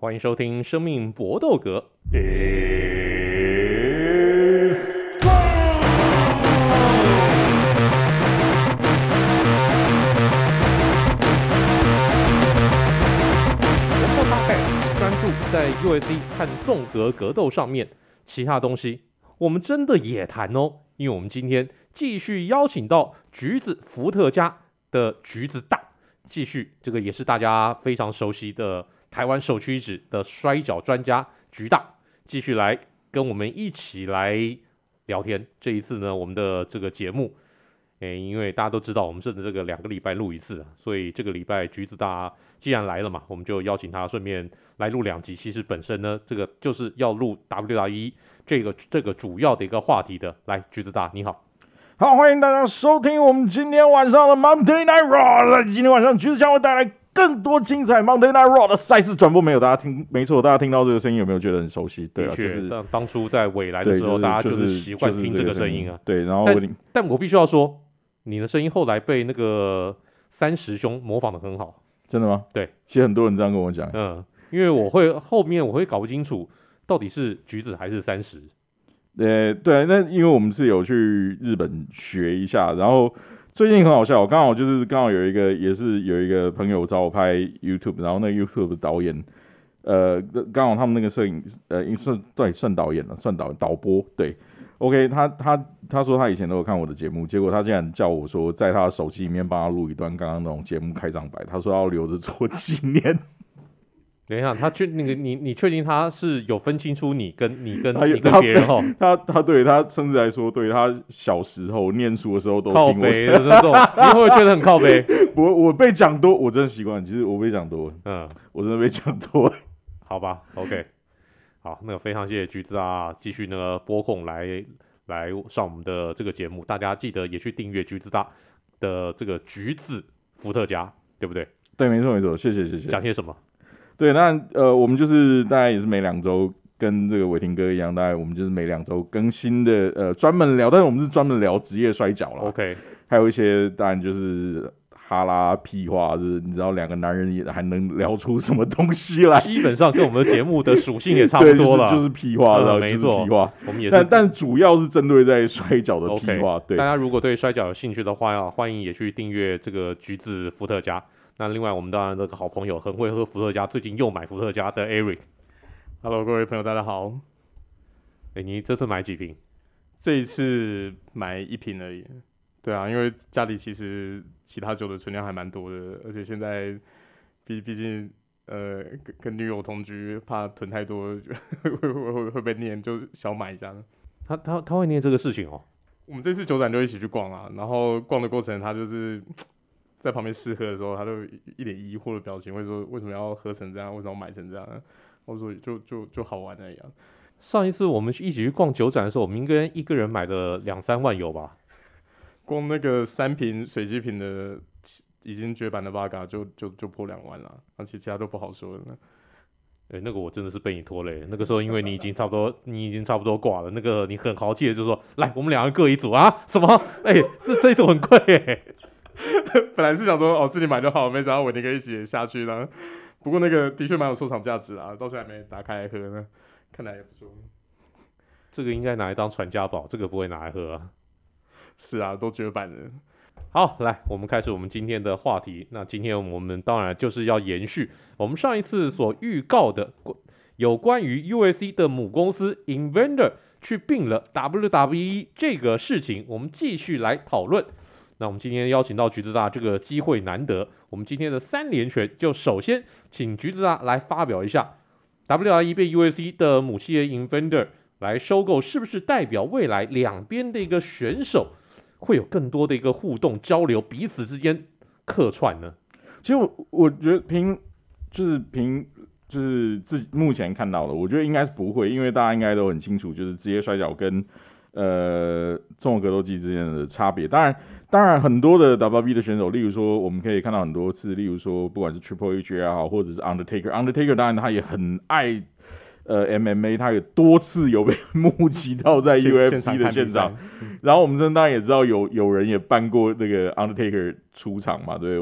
歡迎收聽《生命搏鬥格》。然後大概專注在 UFC 和縱格格鬥上面，其他東西我們真的也談哦。因為我們今天繼續邀請到橘子伏特加的橘子大，繼續這個也是大家非常熟悉的。台灣首屈一指的摔角專家橘大繼續來跟我們一起來聊天。這一次呢，我們的這個節目，哎，因為大家都知道，我們是這個兩個禮拜錄一次，所以這個禮拜橘子大既然來了嘛，我們就邀請他順便來錄兩集。其實本身呢，這個就是要錄 WWE 這個這個主要的一個話題的。來，橘子大，你好，好，歡迎大家收聽我們今天晚上的 Monday Night Raw。來，今天晚上橘子將會帶來。更多精彩 Mountain Iron Road 的賽事轉播沒有？大家聽？沒錯，大家聽到這個聲音有沒有覺得很熟悉？對啊，就是但當初在未來的時候，就是、大家就是習慣、就是、聽，聽這個聲音啊。對，然後但，但我必須要說，你的聲音後來被那個三師兄模仿得很好。真的嗎？對，其實很多人這樣跟我講。嗯，因為我會後面我會搞不清楚到底是橘子還是三十。對、欸，對、啊，那因為我們是有去日本學一下，然後。最近很好笑，我剛好就是剛好有一個也是有一個朋友找我拍 YouTube，然後那 YouTube 的導演，呃，剛好他們那個攝影，呃，算對算導演了，算導導播對，OK，他他他說他以前都有看我的節目，結果他竟然叫我說在他的手機裡面幫他錄一段剛剛那種節目開場白，他說他要留着做紀念。 等一下，他確那個你你確定他是有分清楚你跟你跟他有跟別人哦？他他，他，他對他甚至來說，對他小時候念書的時候都靠背的那種， 你會不會覺得很靠背。我我被講多，我真的習慣。其實我被講多，嗯，我真的被講多。好吧，OK，好，那個非常謝謝橘子大繼續呢撥空來來上我們的這個節目，大家記得也去訂閱橘子大的這個橘子伏特加，對不對？對，沒錯沒錯，謝謝謝謝。講些什麼？對，那呃，我們就是大概也是每兩周跟這個偉霆哥一樣，大概我們就是每兩周更新的，呃，專門聊，但是我們是專門聊職業摔角啦。OK，還有一些當然就是哈拉屁話，就是你知道兩個男人也還能聊出什麼東西來？基本上跟我們的節目的屬性也差不多了， 就是就是屁話了，是的，就是屁話，沒錯，屁話。我們也是但，但主要是針對在摔角的屁話。Okay. 對，大家如果對摔角有興趣的話，啊、歡迎也去訂閱這個橘子伏特加。那另外，我們當然這個好朋友很會喝伏特加，最近又買伏特加的 Eric，Hello，各位朋友，大家好。欸，你這次買幾瓶？這一次買一瓶而已。對啊，因為家裡其實其他酒的存量還蠻多的，而且現在畢畢竟呃跟跟女友同居，怕囤太多會會會會被念，就小買一下。他他他會念這個事情哦。我們這次酒展就一起去逛啊，然後逛的過程他就是。在旁邊試喝的時候，他都一臉疑惑的表情，會說為什麼要喝成這樣？為什麼買成這樣呢？我說就就就好玩那一樣。上一次我們一起去逛酒展的時候，我們應該一個人買了兩三萬有吧？光那個三瓶水晶瓶的已經絕版的八嘎，就就就破兩萬了，而且其他都不好說了。哎、欸，那個我真的是被你拖累了。那個時候因為你已經差不多， 你已經差不多掛了。那個你很豪氣的就說：“來，我們兩個各一組啊！”什麼？哎、欸， 這這一組很貴、欸。 本來是想說哦，自己買就好，沒想到我那個一直下去了。不過那個的確蠻有收藏價值啊，到現在還沒打開喝呢。看來也不錯，這個應該拿來當傳家寶，這個不會拿來喝啊。是啊，都絕版了。好，來，我們開始我們今天的話題。那今天我們當然就是要延續我們上一次所預告的有關於 U F C 的母公司 Inventor 去並了 W W E 這個事情，我們繼續來討論。那我們今天邀請到橘子大，這個機會難得。我們今天的三連拳，就首先請橘子大來發表一下。WWE 被 UFC 的母企業 Endeavor 來收購，是不是代表未來兩邊的一個選手會有更多的一個互動交流，彼此之間客串呢？其實我我覺得憑就是憑就是自己目前看到的，我覺得應該是不會，因為大家應該都很清楚，就是職業摔角跟呃，綜合格鬥技之間的差別，當然，當然很多的 W B 的選手，例如說，我們可以看到很多次，例如說，不管是 Triple H 也好，或者是 Undertaker，Undertaker Undertaker 當然他也很愛呃 M M A，他也多次有被 目擊到在 U F C 的現場，現場看比賽，嗯，然後我們真的當然也知道有有人也辦過那個 Undertaker 出場嘛，對，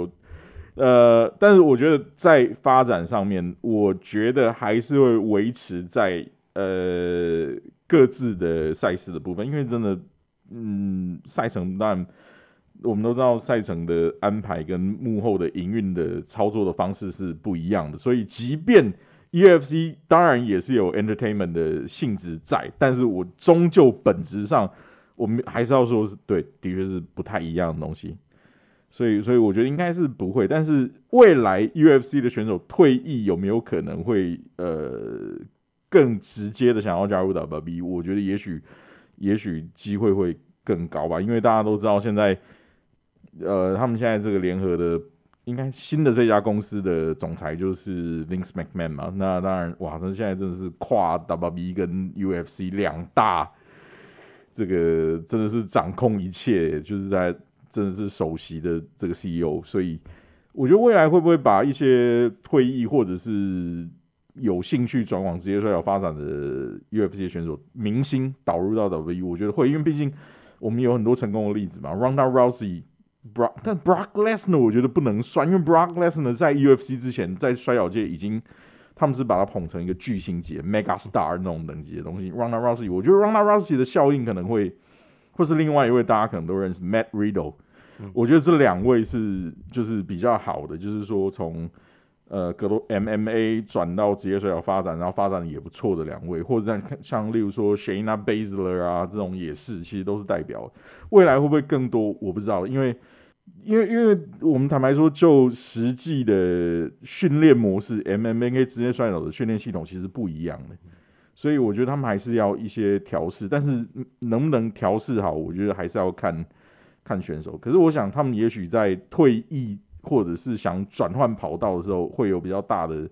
呃，但是我覺得在發展上面，我覺得還是會維持在呃各自的賽事的部分，因為真的，嗯，賽程當然我們都知道，賽程的安排跟幕後的營運的操作的方式是不一樣的。所以，即便 UFC 當然也是有 entertainment 的性質在，但是我終究本質上，我們還是要說是對，的確是不太一樣的東西。所以，所以我覺得應該是不會。但是未來 UFC 的選手退役有沒有可能會呃？更直接的想要加入 W B，我覺得也許也許機會會更高吧，因為大家都知道現在，呃，他們現在這個聯合的，應該新的這家公司的總裁就是 Vince McMahon 嘛。那當然，哇，他現在真的是跨 W B 跟 U F C 兩大，這個真的是掌控一切，就是在真的是首席的這個 C E O。所以，我覺得未來會不會把一些退役或者是有興趣轉往職業摔角發展的 UFC 的選手明星導入到 WWE 我覺得會，因為畢竟我們有很多成功的例子嘛。Ronda Rousey，Brock, 但 Brock Lesnar 我覺得不能算，因為 Brock Lesnar 在 UFC 之前在摔角界已經，他們是把他捧成一個巨星級 Mega Star 那種等級的東西。Ronda Rousey，我覺得 Ronda Rousey 的效應可能會，或是另外一位大家可能都認識 Matt Riddle，我覺得這兩位是就是比較好的，就是說從。呃，格鬥 MMA 轉到職業摔角發展，然後發展也不錯的兩位，或者像像例如說 Shayna Baszler 啊，這種也是，其實都是代表的。未來會不會更多？我不知道，因為因為因為我們坦白說，就實際的訓練模式，MMA 跟職業摔角的訓練系統其實不一樣的，所以我覺得他們還是要一些調適，但是能不能調適好，我覺得還是要看看選手。可是我想，他們也許在退役。或者是想轉換跑道的時候，會有比較大的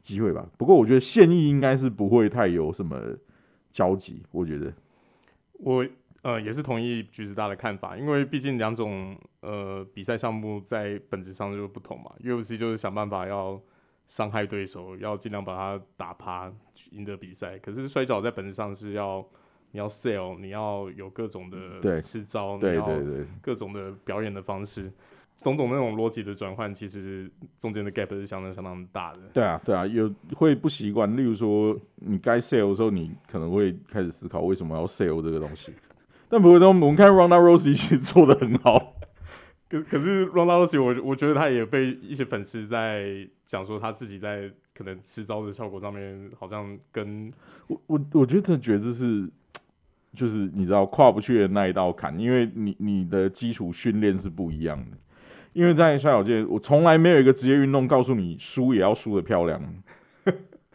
機會吧。不過我覺得現役應該是不會太有什麼交集。我覺得我呃也是同意橘子大的看法，因為畢竟兩種呃比賽項目在本質上就是不同嘛。UFC 就是想辦法要傷害對手，要盡量把他打趴，贏得比賽。可是摔角在本質上是要你要 sell，你要有各種的吃招，嗯、對對對各種的表演的方式。對對對對種種那種邏輯的轉換，其實中間的 gap 是相當相當大的。對啊，對啊，有會不習慣。例如說，你該 sell 的時候，你可能會開始思考為什麼要 sell 這個東西。 但不過，那我們看 Ronda Rousey 其做的很好。 可可是 Ronda Rousey 我我覺得他也被一些粉絲在講說他自己在可能吃招的效果上面好像跟我我我覺得覺得這是就是你知道跨不去的那一道坎，因為你你的基礎訓練是不一樣的。因為在摔角界，我從來沒有一個職業運動告訴你輸也要輸得漂亮，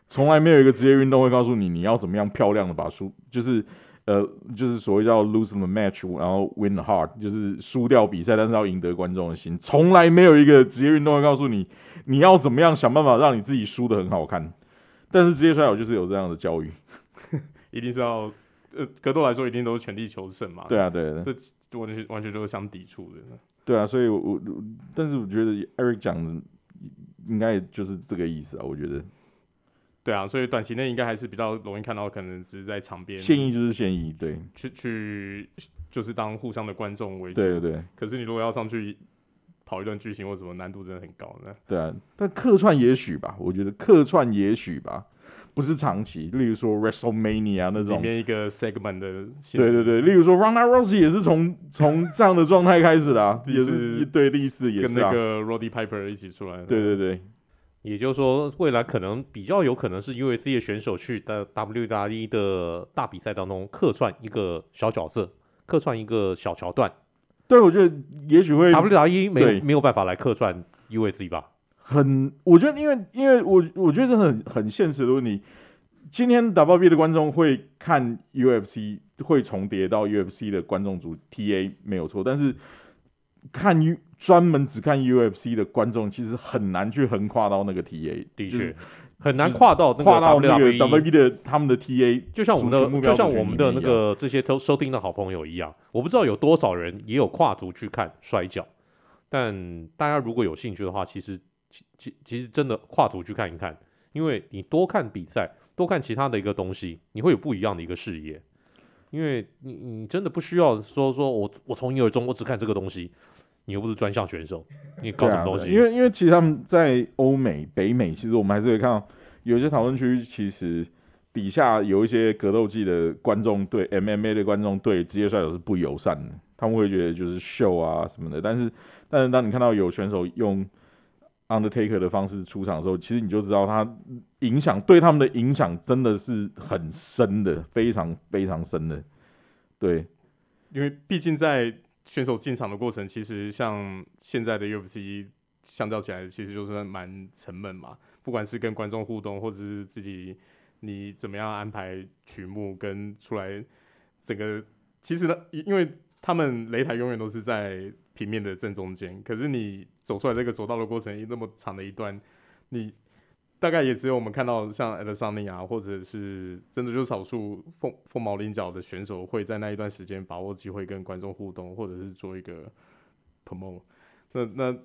從來沒有一個職業運動會告訴你你要怎麼樣漂亮的把輸，就是呃，就是所謂叫 lose the match，然後 win the heart，就是輸掉比賽，但是要贏得觀眾的心。從來沒有一個職業運動會告訴你你要怎麼樣想辦法讓你自己輸得很好看，但是職業摔角就是有這樣的教育，一定是要呃，格鬥來說一定都是全力求勝嘛。對啊，對啊，這啊啊完全完全都是相抵觸的。對啊，所以我，我但是我覺得 Eric 講的應該也就是這個意思啊。我覺得，對啊，所以短期內應該還是比較容易看到，可能只是在場邊，那個。現役就是現役，對，去去就是當互相的觀眾為主，對，對對。可是你如果要上去跑一段劇情或什麼，難度真的很高呢。對啊，但客串也許吧，我覺得客串也許吧。不是長期，例如說 WrestleMania 啊那種裡面一個 segment 的。對對對，例如說 Ronda Rousey 也是從從 這樣的狀態開始的啊，也是一堆歷史也是跟那，對對對跟那個 Roddy Piper 一起出來的。對對對，也就是說未來可能比較有可能是 U F C 的選手去的 W W E 的大比賽當中客串一個小角色，客串一個小橋段。對，我覺得也許會 W W E 沒有沒有辦法來客串 U F C 吧。很，我覺得，因為，因為我，我覺得，這很很現實的問題。今天 WWE 的觀眾會看 U F C，會重疊到 U F C 的觀眾組 T A 沒有錯，但是看 U, 專門只看 U F C 的觀眾，其實很難去橫跨到那個 T A，的確、就是就是、很難跨到那個 WWE, 跨到 WWE 的, WWE 的他們的 T A，就像我們的，目標就，像我們的就像我們的那個這些收收聽的好朋友一樣，我不知道有多少人也有跨足去看摔角，但大家如果有興趣的話，其實。其其實真的跨足去看一看，因為你多看比賽，多看其他的一個東西，你會有不一樣的一個視野。因為你你真的不需要說說我我從一而終，我只看這個東西。你又不是專項選手，你搞什麼東西？啊、因為因為其實他們在歐美、北美，其實我們還是可以看到，有些討論區其實底下有一些格鬥技的觀眾對 MMA 的觀眾對職業選手是不友善的，他們會覺得就是秀啊什麼的。但是但是當你看到有選手用 Undertaker 的方式出場的時候，其實你就知道他影響對他們的影響真的是很深的，非常非常深的。對，因為畢竟在選手進場的過程，其實像現在的 UFC 相較起來，其實就是蠻沉悶嘛。不管是跟觀眾互動，或者是自己你怎麼樣安排曲目，跟出來整個，其實呢，因為他們擂台永遠都是在。平面的正中間，可是你走出來這個走道的過程，那麼長的一段，你大概也只有我們看到像 Adesanya，或者是真的就少數鳳鳳毛麟角的選手會在那一段時間把握機會跟觀眾互動，或者是做一個 promo。那那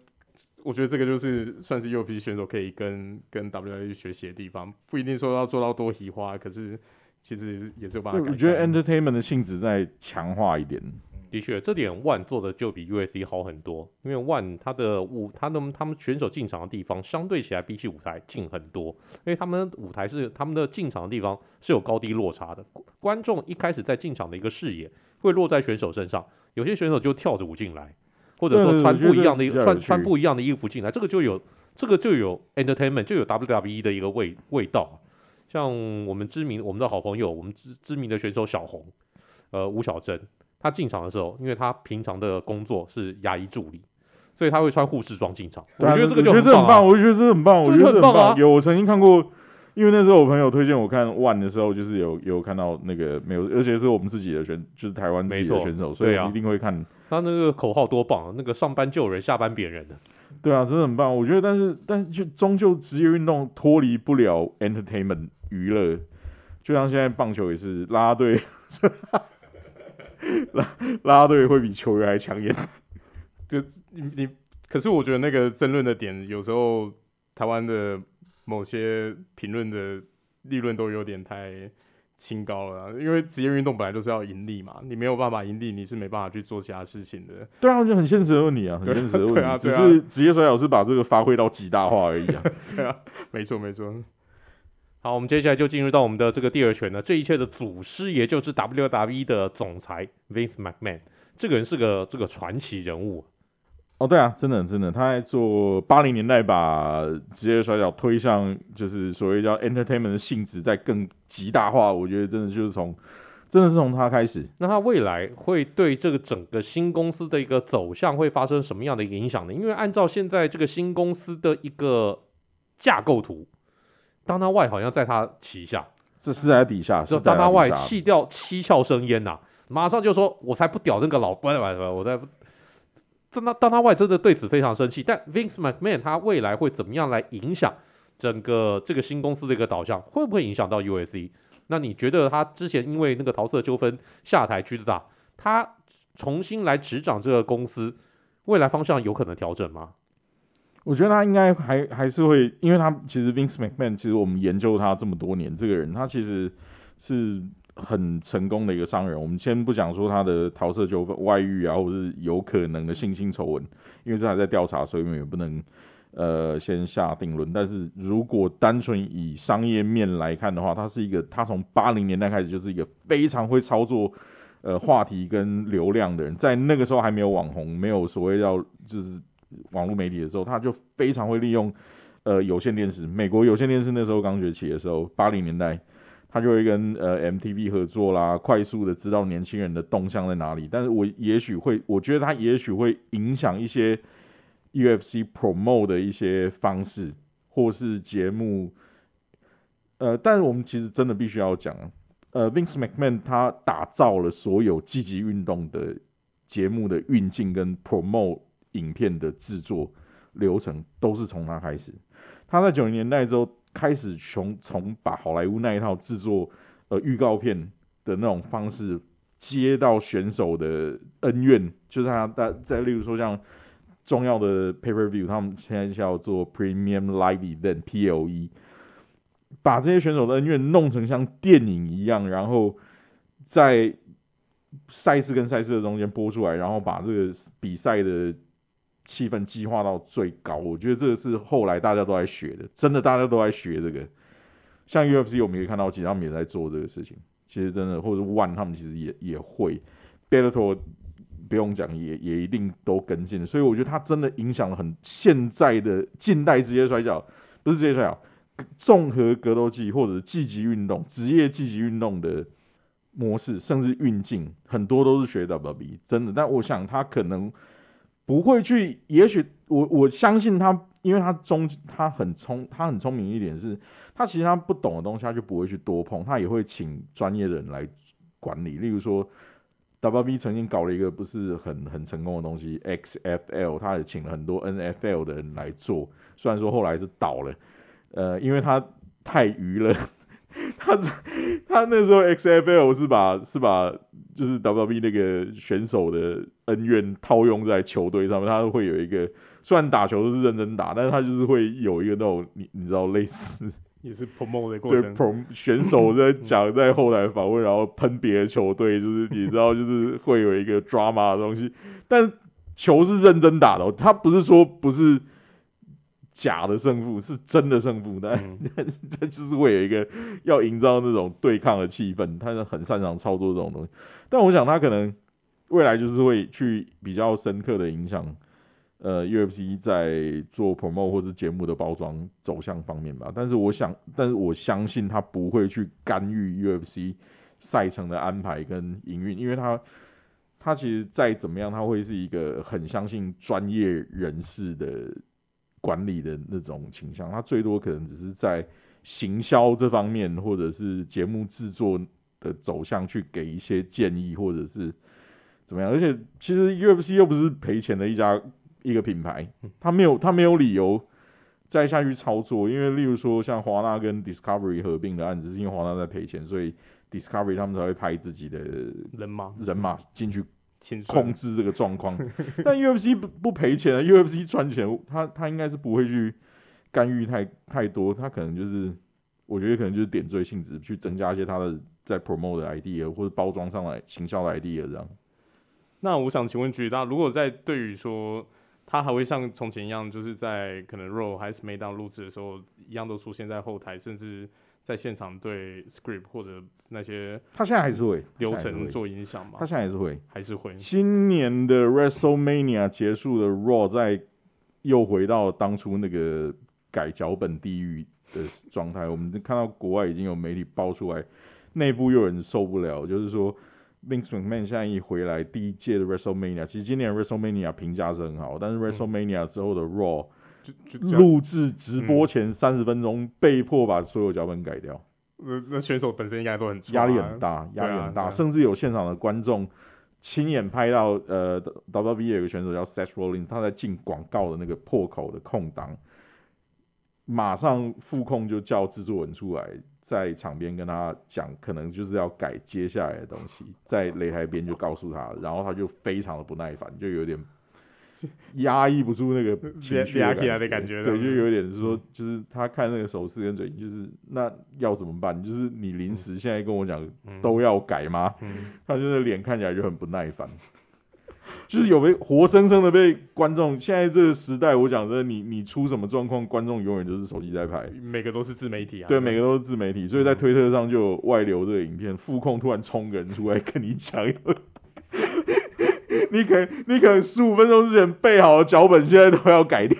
我覺得這個就是算是 UFC 選手可以跟跟 WWE 學習的地方，不一定說要做到多喜花，可是其實也是有辦法改。我覺得 entertainment 的性質再強化一點。的確，這點 one 做的就比 UFC 好很多，因為 one 他的舞，他能他們選手進場的地方相對起來比起舞台近很多，因為他們舞台是他們的進場的地方是有高低落差的，觀眾一開始在進場的一個視野會落在選手身上，有些選手就跳着舞進來，或者說穿不一樣的對對對、就是、穿穿不一樣的衣服進來，這個就有這個就有 entertainment，就有 WWE 的一個味味道、啊，像我們知名我們的好朋友，我們知知名的選手小紅，呃，吳小珍。他進場的時候，因為他平常的工作是牙醫助理，所以他會穿護士裝進場、啊。我覺得這個就很棒、啊，我覺得這很棒，我覺得很棒，很棒、啊、我覺得很棒，我曾經看過，因為那時候我朋友推薦我看 One 的時候，就是有有看到那個沒有，而且是我們自己的選，就是台灣自己的選手，所以一定會看、啊。他那個口號多棒、啊！那個上班救人，下班貶人的，對啊，真的很棒。我覺得但，但是但是就終究職業運動脫離不了 entertainment 娛樂，就像現在棒球也是拉拉隊。 拉拉隊會比球員還搶眼， 就你你，可是我覺得那個爭論的點，有時候台灣的某些評論的立論都有點太清高了，因為職業運動本來就是要盈利嘛，你沒有辦法盈利，你是沒辦法去做其他事情的。對啊，我覺得很現實的問題啊，很現實的問題啊，啊，啊，只是職業摔角是把這個發揮到極大化而已啊。 對啊，沒錯沒錯。好，我們接下來就進入到我們的這個第二拳了，這一切的祖師爺就是 WWE 的總裁 Vince McMahon，這個人是個這個傳奇人物。哦，對啊，真的真的，他在做八零年代把職業摔角推向就是所謂叫 entertainment 的性質再更極大化。我覺得真的就是從，真的是從他開始。那他未來會對這個整個新公司的一個走向會發生什麼樣的一個影響呢？因為按照現在這個新公司的一個架構圖。當他外好像在他旗下，這是在底下。就 Dana White 氣到七竅生煙吶、啊，馬上就說：“我才不屌那個老……不來來來來我才不……真的 Dana White 真的對此非常生氣。”但 Vince McMahon 他未來會怎麼樣來影響整個這個新公司的一個導向？會不會影響到 UFC？那你覺得他之前因為那個桃色糾紛下台，去的，大，他重新來執掌這個公司，未來方向有可能調整嗎？我覺得他應該還還是會，因為他其實 Vince McMahon，其實我們研究他這麼多年，這個人他其實是很成功的一個商人。我們先不講說他的桃色糾紛、外遇啊，或者是有可能的性侵醜聞，因為這還在調查，所以我們也不能呃先下定論。但是如果單純以商業面來看的話，他是一個，他從八零年代開始就是一個非常會操作呃話題跟流量的人，在那個時候還沒有網紅，沒有所謂要就是。網絡媒體的時候，他就非常會利用呃有線電視。美國有線電視那時候剛崛起的時候，八零年代，他就會跟呃 MTV 合作啦，快速的知道年輕人的動向在哪裡。但是我也許會，我覺得他也許會影響一些 UFC promote 的一些方式或是節目。呃，但是我們其實真的必須要講，呃，Vince McMahon 他打造了所有積極運動的節目的運鏡跟 promote。影片的製作流程都是從他開始。他在九零年代之後開始從從把好萊塢那一套製作呃預告片的那種方式接到選手的恩怨，就是他在在例如說像重要的 pay-per-view，他們現在叫做 premium live event（PLE），把這些選手的恩怨弄成像電影一樣，然後在賽事跟賽事的中間播出來，然後把這個比賽的。氣氛激化到最高，我覺得這個是後來大家都在學的，真的大家都在學這個。像 UFC，我們也看到其實他們也在做這個事情，其實真的，或者 ONE 他們其實也也會 Bellator 不用講，也也一定都跟進。所以我覺得它真的影響了很現在的近代職業摔角，不是職業摔角，綜合格鬥技或者積極運動，職業積極運動的模式，甚至運鏡很多都是學 WWE 真的。但我想他可能。不會去，也許我我相信他，因為他中他很聰他很聰明一點是，他其實他不懂的東西他就不會去多碰，他也會請專業的人來管理。例如說，WWE 曾經搞了一個不是很很成功的東西 XFL，他也請了很多 NFL 的人來做，雖然說後來是倒了，呃，因為他太愚了。他他那時候 XFL 是把是把就是 WWE 那個選手的恩怨套用在球隊上面，他會有一個雖然打球都是認真打，但是他就是會有一個那種你你知道類似也是 promote 的過程，對， 選手在講在後台訪問，然後噴別的球隊，就是你知道就是會有一個抓馬的東西， 但球是認真打的，他不是說不是。假的勝負是真的勝負，但這 就是會有一個要營造那種對抗的氣氛。他是很擅長操作這種東西，但我想他可能未來就是會去比較深刻的影響呃 UFC 在做 promote 或是節目的包裝走向方面吧。但是我想，但是我相信他不會去干預 UFC 賽程的安排跟營運，因為他他其實再怎麼樣，他會是一個很相信專業人士的管理的那種傾向，他最多可能只是在行銷這方面，或者是節目制作的走向去給一些建議，或者是怎麼樣。而且，其實 UFC 又不是賠錢的一家一個品牌，他沒有他沒有理由再下去操作，因為例如說像華納跟 Discovery 合併的案子，是因為華納在賠錢，所以 Discovery 他們才會派自己的人馬人馬進去。清控制這個狀況， 但 UFC 不不賠錢啊 ，UFC 賺錢，他他應該是不會去干預太太多，他可能就是，我覺得可能就是點綴性質，去增加一些他的在 promote 的 idea 或者包裝上來行銷的 idea 這樣。那我想請問橘大，如果在對於說他還會像從前一樣，就是在可能 Raw 還是 SmackDown 錄製的時候，一樣都出現在後台，甚至。在現場對 script 或者那些他，他現在還是會流程做影響嗎他？他現在還是會，還是會。今年的 WrestleMania 結束的 Raw 在又回到當初那個改腳本地獄的狀態。 我們看到國外已經有媒體爆出來，內部又有人受不了，就是說 Vince McMahon 現在一回來，第一屆的 WrestleMania 其實今年 WrestleMania 評價是很好，但是 WrestleMania 之後的 Raw、嗯。錄製直播前三十分鐘、嗯，被迫把所有腳本改掉。那、嗯、那選手本身應該都很壓、啊、力很大，壓力很大、啊啊，甚至有現場的觀眾親眼拍到，呃，WWE 有個選手叫 Seth Rollins，他在進廣告的那個破口的空檔，馬上副控就叫製作人出來，在場邊跟他講，可能就是要改接下來的東西，在擂台邊就告訴他， 然後他就非常的不耐煩，就有點。壓抑不住那個情緒啊的感覺，對，就有點就是說、嗯，就是他看那個手勢跟嘴就是那要怎麼辦？就是你臨時現在跟我講、嗯、都要改嗎？嗯嗯、他就是臉看起來就很不耐煩，就是有被活生生的被觀眾。現在這個時代，我講的你，你出什麼狀況，觀眾永遠都是手機在拍，每個都是自媒體啊，對，每個都是自媒體，所以在推特上就有外流的影片、嗯，副控突然衝個人出來跟你講。呵呵你可以，你可能十五分鐘之前背好的腳本，現在都要改掉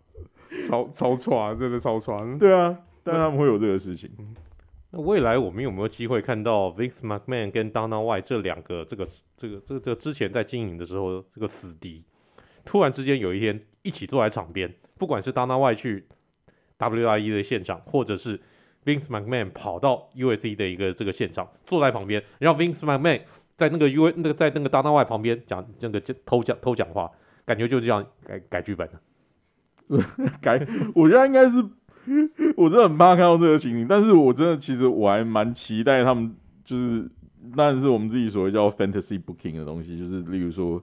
超，超超錯真的超錯。對啊，但他們會有這個事情。嗯、那未來我們有沒有機會看到 Vince McMahon 跟 Dana White 這兩個這個這個、這個、這個之前在經營的時候這個死敵，突然之間有一天一起坐在場邊，不管是 Dana White 去 WWE 的現場，或者是 Vince McMahon 跑到 UFC 的一個這個現場坐在旁邊，然後 Vince McMahon。在那個 UA，那個在那個 Dana White 旁邊講，那、這個偷講偷講話，感覺就這樣改改劇本了。 改，我覺得應該是，我真的很怕看到這個情景。但是我真的其實我還蠻期待他們，就是但是我們自己所謂叫 fantasy booking 的東西，就是例如說，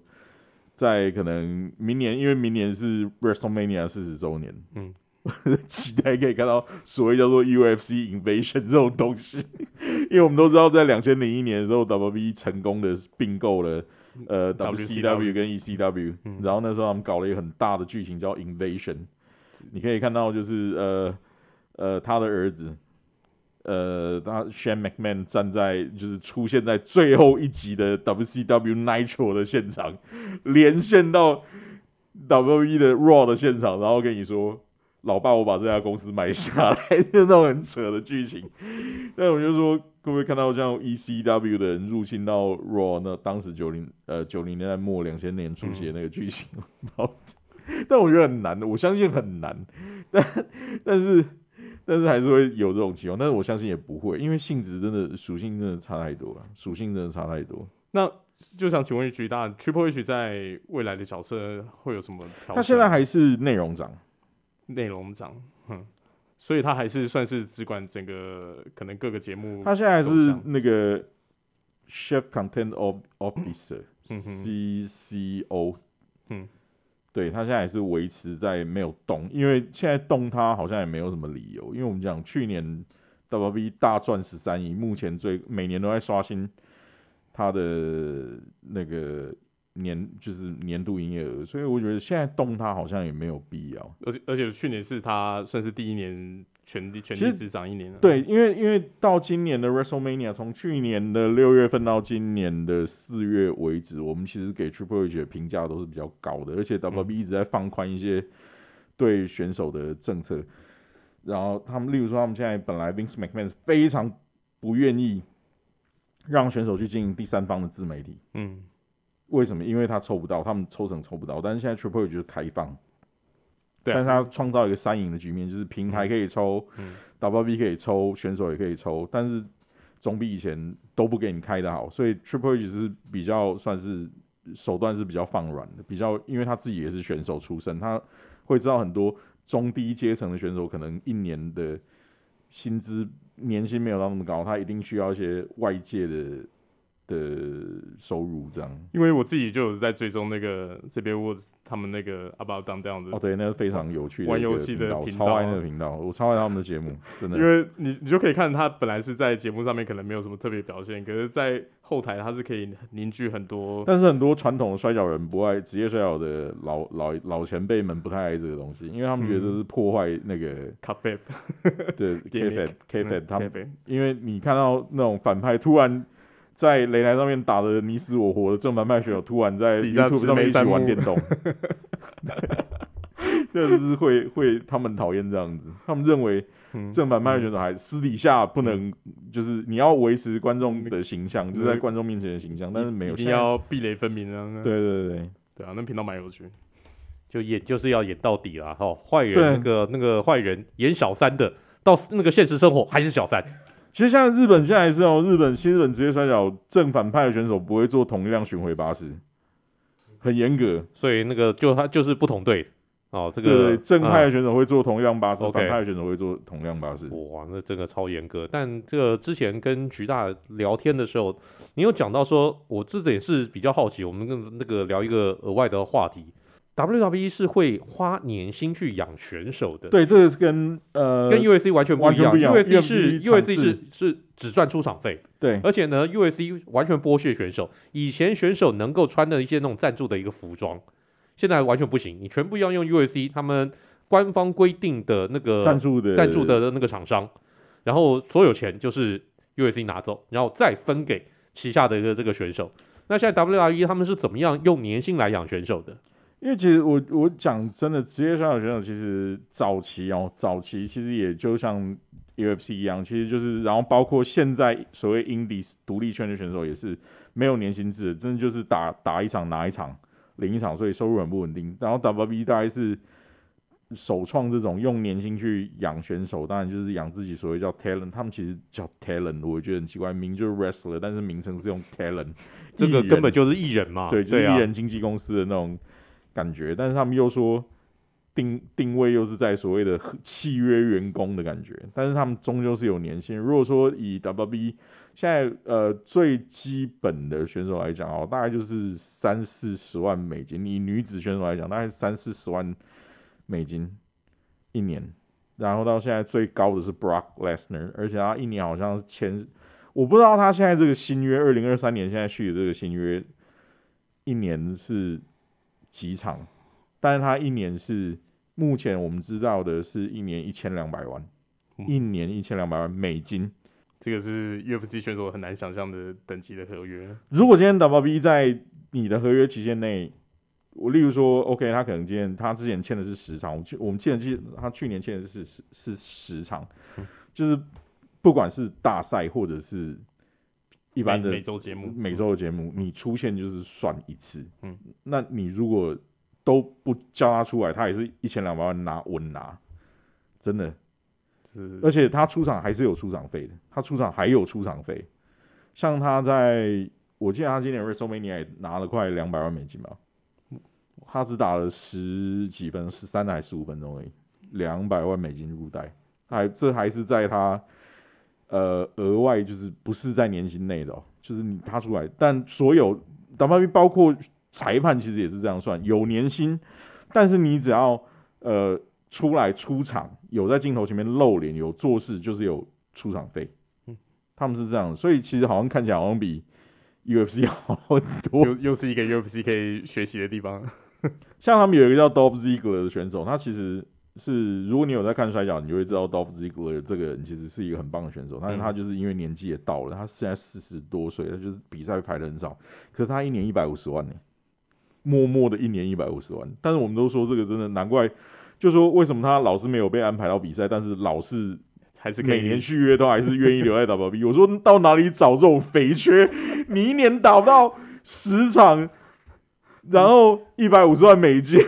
在可能明年，因為明年是 WrestleMania 四十周年，嗯。 期待可以看到所謂叫做 UFC Invasion 這種東西， 因為我們都知道，在2001年的時候 WWE 成功的併購了呃 WCW, WCW 跟 ECW，、嗯、然後那時候他們搞了一個很大的劇情叫 Invasion、嗯。你可以看到，就是呃呃他的兒子，呃他 Shane McMahon 站在就是出現在最後一集的 WCW Nitro 的現場，連線到 WWE 的 Raw 的現場，然後跟你說。老爸，我把這家公司買下來，那 種很扯的劇情。 但我就說，各位看到像 ECW 的人入侵到 RAW。那當時九零呃九零年代末，兩千年初寫那個劇情。嗯、 但我覺得很難的，我相信很難。但但是但是還是會有這種情況，但是我相信也不會，因為性質真的屬性真的差太多了，啊，屬性真的差太多。那就想請問一句，但 Triple H 在未來的角色會有什麼挑戰？他現在還是內容長。內容長，嗯，所以他還是算是只管整個可能各個節目。他現在還是那個 Chief Content of Officer，嗯 CCO，嗯，對他現在還是維持在沒有動，因為現在動他好像也沒有什麼理由，因為我們講去年 W B 大賺十三億，目前最每年都在刷新他的那個。年就是年度營業額，所以我覺得現在動它好像也沒有必要。而且而且去年是他算是第一年全全年只漲一年了。對，因為因為到今年的 WrestleMania，從去年的六月份到今年的四月為止，我們其實給 Triple H 的評價都是比較高的，而且 WWE 一直在放寬一些對選手的政策。嗯。然後他們，例如說他們現在本來 Vince McMahon 非常不願意讓選手去進行第三方的自媒體。嗯。為什麼？因為他抽不到，他們抽成抽不到。但是現在 Triple H 就是開放，對啊，但是他創造一個三贏的局面，就是平台可以抽，嗯，WB 可以抽，選手也可以抽。但是總比以前都不給你開得好。所以 Triple H 是比較算是手段是比較放軟的，比較因為他自己也是選手出身，他會知道很多中低階層的選手可能一年的薪資年薪沒有到那麼高，他一定需要一些外界的。的收入這樣，因為我自己就有在追蹤那個這邊，我他們那個 UpUpDownDown 這樣子哦，對，那個非常有趣的，玩遊戲的頻道，超愛那個頻道，嗯，我超愛他們的節目， 真的。因為你，你就可以看他本來是在節目上面可能沒有什麼特別表現，可是，在後台他是可以凝聚很多。但是很多傳統的摔角人不愛，職業摔角的老老老前輩們不太愛這個東西，因為他們覺得這是破壞那個 kayfabe，、嗯、對，kayfabe c、嗯、他因為你看到那種反派突然。在擂台上面打的你死我活的正反派選手，突然在底下是不是一起玩電動？確實是會會他們討厭這樣子，他們認為正反派選手還私底下不能，就是你要維持觀眾的形象、嗯，就是在觀眾面前的形象，嗯就是、形象，但是沒有一定要壁壘分明啊！對對對對啊，那頻道蠻有趣，就演就是要演到底了哈！壞人那個那個壞人演小三的，到那個現實生活還是小三。其實像日本現在也是哦、喔，日本新日本職業摔角正反派的選手不會坐同一輛巡迴巴士，很嚴格，所以那個就他就是不同隊哦。這個，對對對，正派的選手會坐同樣巴士，嗯，反派的選手會坐同樣巴士。Okay. 哇，那真的超嚴格。但這個之前跟徐大聊天的時候，你有講到說，我自己也是比較好奇，我們跟那個聊一個額外的話題。WWE 是會花年薪去養選手的，對，這個是跟呃跟 UFC 完全不一樣。UFC 是 UFC 是是只賺出場費，對，而且呢 UFC 完全剝削選手。以前選手能夠穿的一些那種贊助的一個服裝，現在完全不行，你全部要用 UFC 他們官方規定的那個贊助的贊助的那個廠商，然後所有錢就是 UFC 拿走，然後再分給旗下的一個這個選手。那現在 WWE 他們是怎麼樣用年薪來養選手的？因為其實我我講真的，職業選手選手其實早期哦、喔，早期其實也就像 UFC 一樣，其實就是然後包括現在所謂英 s 獨立圈的選手也是沒有年薪制，真的就是打打一場拿一場領一場，所以收入很不穩定。然後 w b 大概是首創這種用年薪去養選手，當然就是養自己所謂叫 talent，他們其實叫 talent，我也覺得很奇怪，名就是 wrestler，但是名稱是用 talent，這個根本就是藝人嘛，對，就是藝人經紀公司的那種。感覺，但是他們又說定定位，又是在所謂的契約員工的感覺，但是他們終究是有年薪。如果說以 WWE 現在呃最基本的選手來講哦、喔，大概就是三四十萬美金；以女子選手來講，大概三四十萬美金一年。然後到現在最高的是 Brock Lesnar，而且他一年好像是簽，我不知道他現在這個新約二零二三年現在續的這個新約一年是。幾場，但是他一年是目前我們知道的，是一年一千兩百萬、嗯，一年一千兩百萬美金，這個是 UFC 選手很難想象的等級的合約。如果今天 W B 在你的合約期限內，我例如說 OK，他可能今天他之前簽的是十場，我去我們記得記得他去年簽的是 10, 是是十場，就是不管是大賽或者是。一般的每周節目，每周的節目你出現就是算一次。嗯，那你如果都不叫他出來，他也是一千兩百萬拿穩拿，真的。是，而且他出場還是有出場費的，他出場還有出場費。像他在，我記得他今年 WrestleMania 拿了快兩百萬美金吧，他只打了十幾分，十三還是十五分鐘而已，兩百萬美金入袋，還這還是在他。呃，額外就是不是在年薪內的。喔，就是你他出來，但所有打發包括裁判其實也是這樣算，有年薪，但是你只要呃出來出場，有在鏡頭前面露臉，有做事就是有出場費。嗯，他們是這樣，所以其實好像看起來好像比 UFC 要好很多，又又是一個 UFC 可以學習的地方， 像他們有一個叫 Dolph Ziggler 的選手，他其實。是，如果你有在看摔角，你就會知道 Dolph Ziggler 這個人其實是一個很棒的選手。但是他就是因為年紀也到了，他現在四十多歲，他就是比賽排的很少。可是他一年一百五十萬呢，默默的，一年一百五十萬。但是我們都說這個真的難怪，就說為什麼他老是沒有被安排到比賽，但是老是還是,可以連還是每年續約都還是願意留在 WWE 我說到哪裡找這種肥缺？你一年打不到十場，然後150一百五十萬美金。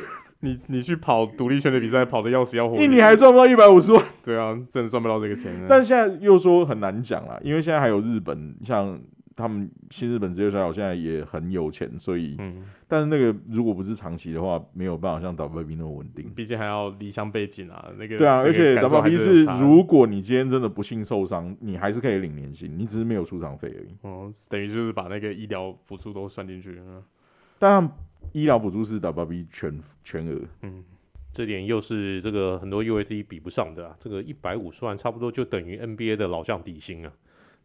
你你去跑獨立圈的比賽，跑的要死要活，一年還賺不到一百五十萬。對啊，真的賺不到這個錢。 但現在又說很難講啦，因為現在還有日本，像他們新日本職業選手現在也很有錢，所以、嗯、但是那個如果不是長期的話，沒有辦法像 WWE 那麼穩定。畢竟還要離鄉背井啊，那個對啊，而且 WWE 是,是如果你今天真的不幸受傷，你還是可以領年薪，你只是沒有出場費而已。哦，等於就是把那個醫療補助都算進去。嗯、但醫療補助是 W B 全全額，嗯，這點又是這個很多 UFC 比不上的啊。這個一百五十萬差不多就等於 N B A 的老將底薪啊、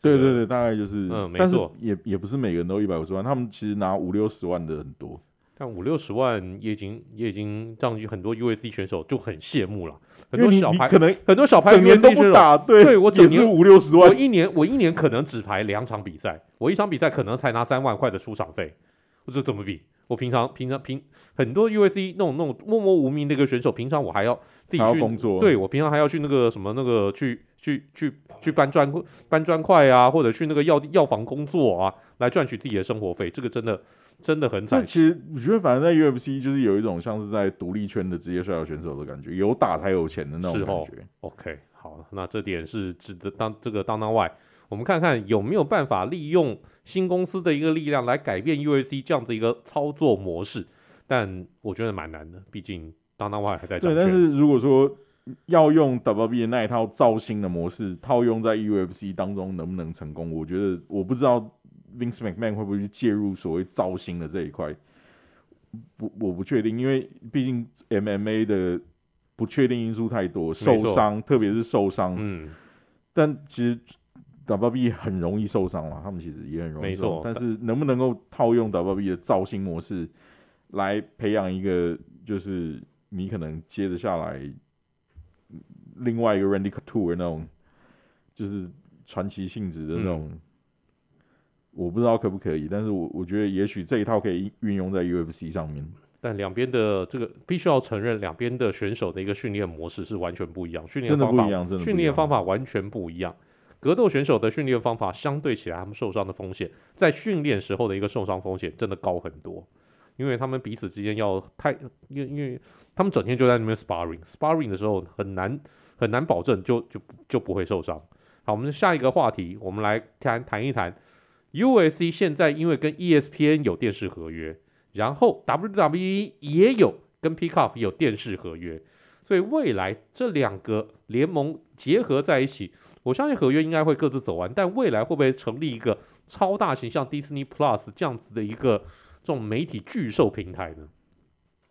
這個。對對對，大概就是，嗯，沒錯，也也不是每個人都一百五十萬，他們其實拿五六十萬的很多，但五六十萬也已經也已經讓很多 UFC 選手就很羨慕了。很多小牌可能很多小牌整年都不打，對，對我只是五六十萬。我一年我一年可能只排兩場比賽，我一場比賽可能才拿三萬塊的出場費，我這怎麼比？我平常平常平很多 UFC 那種那種默默無名的一個選手，平常我還要自己去工作。對，我平常還要去那個什麼那個去去去去搬磚搬磚塊啊，或者去那個藥藥房工作啊，來賺取自己的生活費。這個真的真的很慘。這其實我覺得，反正在 UFC 就是有一種像是在獨立圈的職業摔角選手的感覺，有打才有錢的那種感覺。OK，好了，那這點是值得當這個當當外，我們看看有沒有辦法利用。新公司的一個力量來改變 UFC 這樣子一個操作模式，但我覺得蠻難的，畢竟 Dana White 還在講。但是如果說要用 WWE 的那一套造星的模式套用在 UFC 當中，能不能成功？我覺得我不知道 Vince McMahon 會不會去介入所謂造星的這一塊，不，我不確定，因為畢竟 MMA 的不確定因素太多，受傷，特別是受傷。嗯，但其實。W B 很容易受傷嘛，他們其實也很容易受傷。沒錯，但是能不能夠套用 W B 的造星模式來培養一個，就是你可能接着下來另外一個 Randy Couture 的那種，就是傳奇性質的那種，我不知道可不可以。嗯、但是我我覺得也許這一套可以運用在 U F C 上面。但兩邊的這個必須要承認，兩邊的選手的一個訓練模式是完全不一樣，訓練方法真的不一樣，訓練方法完全不一樣。格鬥選手的訓練方法相對起來，他們受傷的風險，在訓練時候的一個受傷風險真的高很多，因為他們彼此之間要太，因為因為他們整天就在那邊 sparring，sparring 的時候很難很難保證就就就不會受傷。好，我們下一個話題，我們來談談一談，UFC 現在因為跟 E S P N 有電視合約，然後 W W E 也有跟 Peacock 有電視合約，所以未來這兩個聯盟結合在一起。我相信合約應該會各自走完，但未來會不會成立一個超大型像 Disney Plus 這樣子的一個這種媒體巨獸平台呢？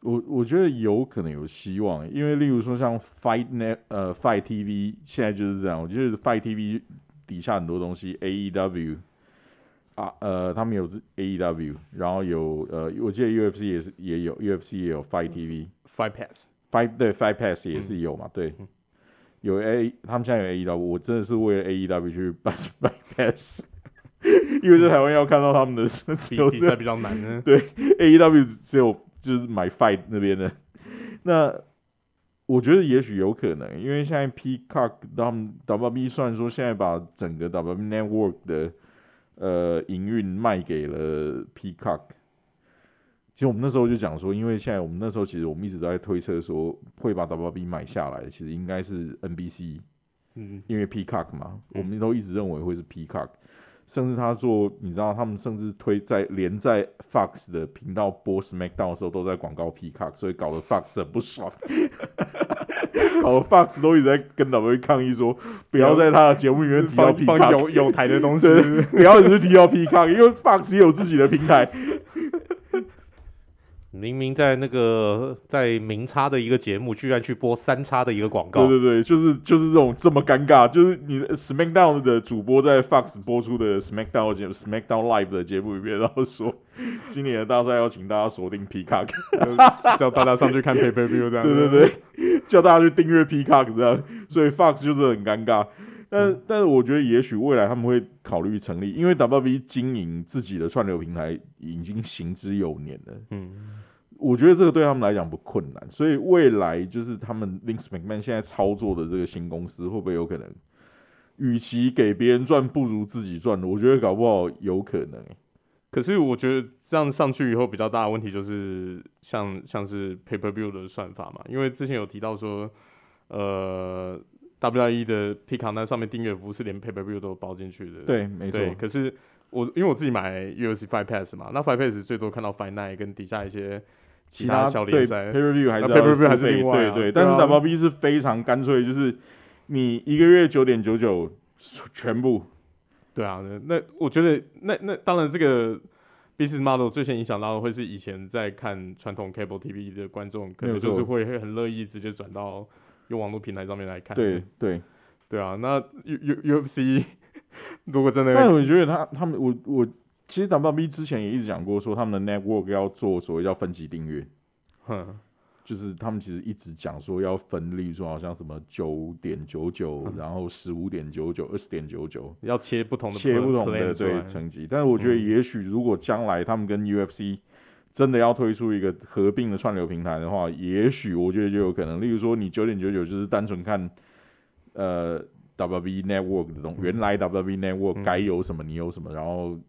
我我覺得有可能有希望，因為例如說像 FightNet 呃 FightTV 現在就是這樣，我覺得 FightTV 底下很多東西 AEW 啊呃他們有 AEW，然後有呃我記得 UFC 也是也有 UFC 也有 FightTV、嗯、FightPass Fight 對 FightPass 也是有嘛、嗯、對。嗯有 A，他們現在有 AEW，我真的是為了 AEW 去 buy b y pass，因為在台灣要看到他們的、嗯、比賽比，比較難呢。對，AEW 只有就是買 Fight 那邊的，那我覺得也許有可能，因為現在 Peacock 他們 W B 算說現在把整個 WB Network 的呃營運賣給了 Peacock。其實我們那時候就講說，因為現在我們那時候其實我們一直都在推測說，會把 WWE 買下來，其實應該是 NBC，嗯，因為 Peacock 嘛、嗯，我們都一直認為會是 Peacock，、嗯、甚至他做，你知道，他們甚至推在連在 Fox 的頻道播 SmackDown 的時候都在廣告 Peacock，所以搞得 Fox 很不爽， 搞得 Fox 都一直在跟 WWE 抗議說，不要在他的節目裡面放 Peacock 有有台的東西，不 對 要只是提到 Peacock，因為 Fox 也有自己的平台。明明在那個在明叉的一個節目，居然去播三叉的一個廣告。對對對，就是就是這種這麼尷尬。就是你的 SmackDown 的主播在 Fox 播出的 SmackDown 比 SmackDown Live 的節目裡面，然後說今年的大賽要請大家鎖定 Peacock， 叫大家上去看 PPV 這樣。 對對對，叫大家去訂閱 Peacock 這樣。所以 Fox 就是很尷尬。但、嗯、但是我覺得也許未來他們會考慮成立，因為 WWE 經營自己的串流平台已經行之有年了。嗯。我覺得這個對他們來講不困難，所以未來就是他們 Vince McMahon 現在操作的這個新公司會不會有可能，與其給別人賺，不如自己賺？我覺得搞不好有可能。可是我覺得這樣上去以後，比較大的問題就是像像是 pay-per-view 的算法嘛，因為之前有提到說，呃，WWE 的 Peacock 上面訂閱服務是連 pay-per-view 都包進去的。對，沒錯。可是我因為我自己買 UFC Fight Pass 嘛，那 Fight Pass 最多看到 Fight Night 跟底下一些。其他小聯賽、啊、PayPerView 還是、啊、PayPerView 還是另外，對對，對，對、啊。但是 WWE 是非常乾脆，就是你一個月九點九九全部。對啊，那我覺得那那當然這個 Business Model 最先影響到的會是以前在看傳統 Cable TV 的觀眾，可能就是會會很樂意直接轉到用網絡平台上面來看。對對對啊，那 U, U UFC 如果真的，但我覺得他他們我我。我其實 WWE 之前也一直講過說，說他們的 network 要做所謂叫分級訂閱，哼、嗯，就是他們其實一直講說要分立，就好像什麼九點九九，然後十五點九九，二十點九九，要切不同的 plan, 切不同的對層級。但是我覺得，也許如果將來他們跟 U F C 真的要推出一個合併的串流平台的話，也許我覺得就有可能。嗯、例如說，你九點九九就是單純看呃 WWE network 的東西、嗯，原來 WWE network 該有什麼、嗯、你有什麼，然後。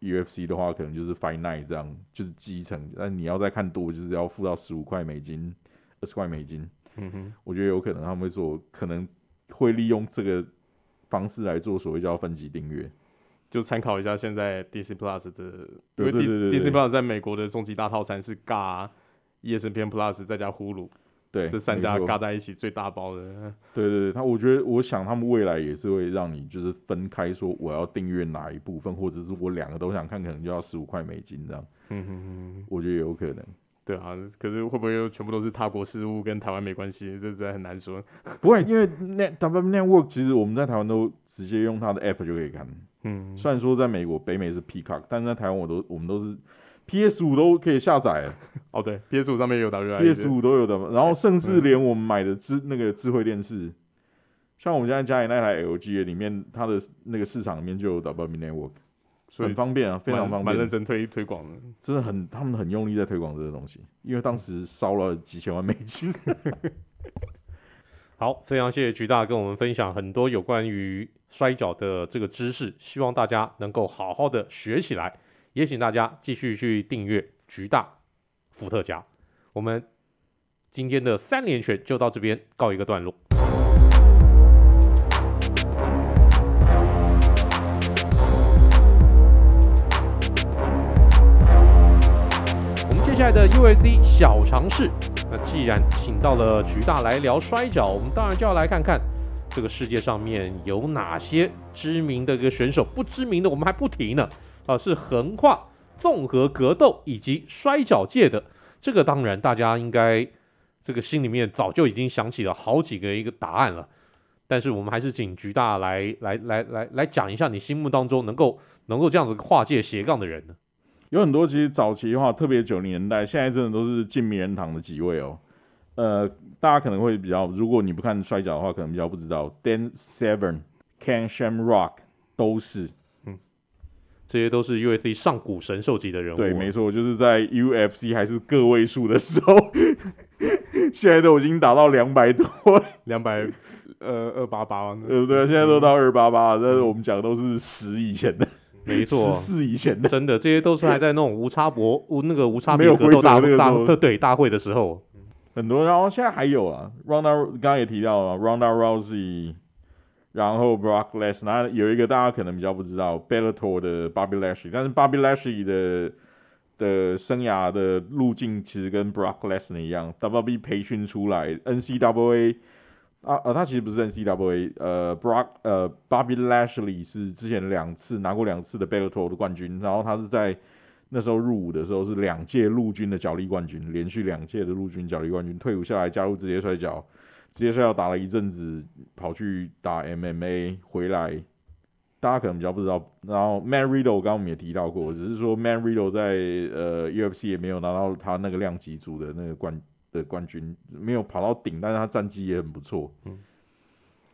UFC 的話，可能就是 f i n i t e 這樣，就是基層。但你要再看多，就是要付到十五塊美金、二十塊美金。嗯哼，我覺得有可能他們會做，可能會利用這個方式來做所謂叫分級訂閱，就參考一下現在 DC Plus 的對對對對對，因為 DC Plus 在美國的終極大套餐是 g a ESPN Plus 再加 Hulu。對，這三家嘎在一起最大包的。對對對，他我覺得，我想他們未來也是會讓你就是分開說，我要訂閱哪一部分，或者是我兩個都想看，可能就要十五塊美金這樣。嗯哼哼、嗯，我覺得有可能。對啊，可是會不會又全部都是他國事務跟台灣沒關係？這這很難說。不會，因為 WWE Network 其實我們在台灣都直接用它的 App 就可以看。嗯，嗯，雖然說在美國北美是 Peacock，但在台灣我都我們都是。PS 五都可以下載，哦、oh, 對，PS 五上面也有 WWE，PS 五都有的。然後甚至連我們買的智那個智慧電視、嗯，像我們現在家裡那台 LG 裡面，它的那個市場裡面就有 WWE Network，所以很方便啊，非常方便，認真推推廣，真的很，他們很用力在推廣這個東西，因為當時燒了幾千萬美金。 好，非常謝謝橘大跟我們分享很多有關於摔角的這個知識，希望大家能夠好好的學起來。也請大家繼續去訂閱橘大伏特加。我們今天的三連拳就到這邊告一個段落。我們接下來的 UFC 小常識，那既然請到了橘大來聊摔角，我們當然就要來看看這個世界上面有哪些知名的一個選手，不知名的我們還不提呢，啊，是橫跨綜合格鬥以及摔角界的，這個當然大家應該這個心裡面早就已經想起了好幾個一個答案了。但是我們還是請橘大來來來來來講一下你心目當中能夠能夠這樣子跨界斜槓的人。有很多其實早期的話，特別九零年代，現在真的都是進名人堂的幾位哦。呃，大家可能會比較，如果你不看摔角的話，可能比較不知道，Dan Severn、Ken Shamrock 都是。這些都是 UFC 上古神獸級的人物。對，沒錯，就是在 UFC 還是個位數的時候， 現在都已經達到兩百多200、 呃，兩百呃二八八對不對？現在都到二八八，嗯、但是我們講的都是十以前的，嗯、沒錯，十四以前的，真的，這些都是還在那種無差別無 那個無差別格鬥大會，對，大會的時候，很多，然後現在還有啊，Ronda 剛剛也提到了 Ronda Rousey。然後 Brock Lesnar 有一個大家可能比較不知道，Bellator 的 Bobby Lashley，但是 Bobby Lashley 的的生涯的路徑其實跟 Brock Lesnar 一樣，WB 培訓出來，N C W A 啊呃、啊、他其實不是 N C W A，呃 Brock 呃 Bobby Lashley 是之前兩次拿過兩次的 Bellator 的冠軍，然後他是在那時候入伍的時候是兩屆陸軍的角力冠軍，連續兩屆的陸軍角力冠軍，退伍下來加入職業摔角。直接說要打了一陣子，跑去打 MMA，回來大家可能比較不知道。然後 Man Riddle，剛剛我們也提到過，只是說 Man Riddle 在呃 UFC 也沒有拿到他那個量級組的那個冠的冠軍，沒有跑到頂，但是他戰績也很不錯。嗯，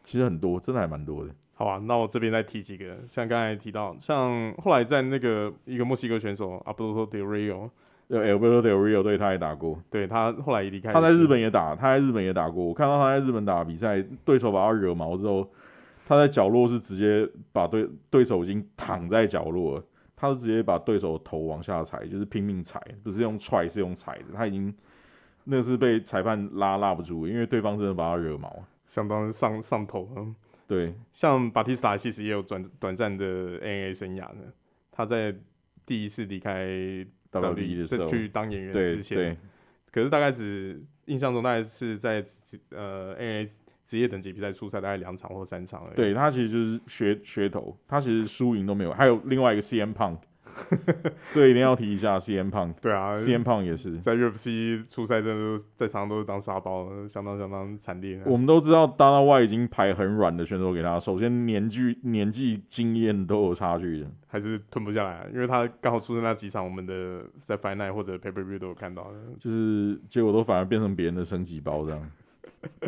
其實很多，真的還蠻多的。好吧、啊，那我這邊再提幾個，像剛才提到，像後來在那個一個墨西哥選手阿布羅多德里奧。對 Alberto Del Rio，對他也打過，對他後來離開。他在日本也打，他在日本也打過。我看到他在日本打比賽，對手把他惹毛之後，他在角落是直接把對，對手已經躺在角落，他是直接把對手頭往下踩，就是拼命踩，不是用踹，是用踩的。他已經那個，是被裁判拉，拉不住，因為對方真的把他惹毛，相當上上頭、啊、對，像 Batista 其實也有短短暫的 MMA 生涯的，他在第一次離開。退役的時候，去當演員之前，對，對，可是大概只印象中，大概是在呃 MMA 職業等級比賽出賽，大概兩場或三場而已。對，他其實就是噱噱頭，他其實輸贏都沒有。還有另外一個 C M Punk。這一定要提一下，CM Punk。對啊，CM Punk 也是在 UFC 出賽真的在場都是當沙包，相當相當慘烈、啊。我們都知道，Dana White 已經排很軟的選手給他。首先年紀、年紀、經驗都有差距的，還是吞不下來、啊。因為他剛好出生那幾場，我們的在 Final 或者 Pay Per View 都有看到，就是結果都反而變成別人的升級包這樣。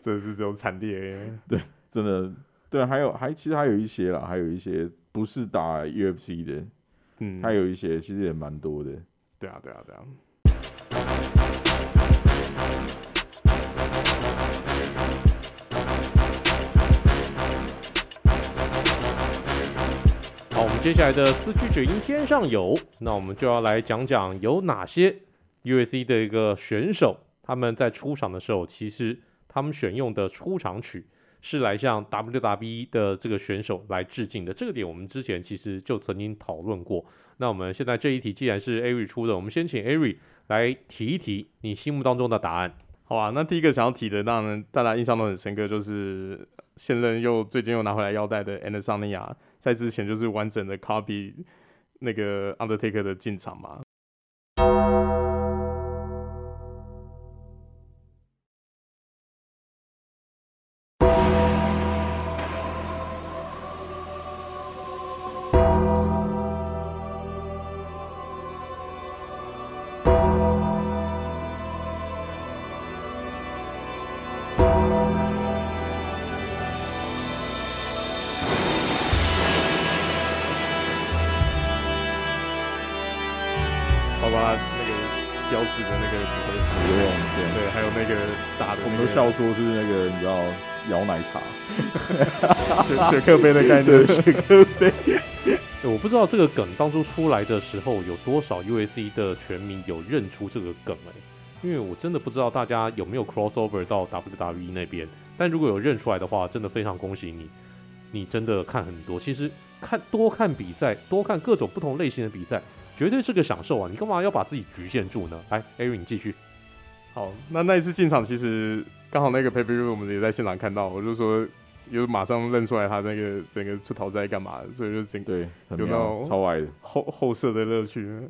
真的是這種慘烈、欸。對，真的對，還有還其實還有一些啦，還有一些不是打 UFC 的。嗯，還有一些其實也蠻多的，對啊，對啊，對啊。啊、好，我們接下來的此曲只應天上有，那我們就要來講講有哪些 UFC 的一個選手，他們在出場的時候，其實他們選用的出場曲。是來向 WWE 的這個選手來致敬的，這個點我們之前其實就曾經討論過。那我們現在這一題既然是 Ari 出的，我們先請 Ari 來提一提你心目當中的答案，好吧，啊？那第一個想要提的，讓大家印象都很深刻，就是現任又最近又拿回來腰帶的 Adesanya，在之前就是完整的 Copy 那個 Undertaker 的進場嘛。都是那個你知道搖奶茶，雪克杯的概念，雪克杯、 欸。我不知道這個梗當初出來的時候有多少 UFC 的全民有認出這個梗哎、欸，因為我真的不知道大家有沒有 cross over 到 WWE 那邊，但如果有認出來的話，真的非常恭喜你，你真的看很多，其實看多看比賽，多看各種不同類型的比賽，絕對是個享受啊！你幹嘛要把自己局限住呢？來，艾瑞你繼續。好，那那一次進場其實。剛好那個 pay-per-view 我們也在現場看到，我就說又馬上認出來他那個整個出逃在幹嘛，所以就整個沒有那種 you know, 超歪的後後設的樂趣。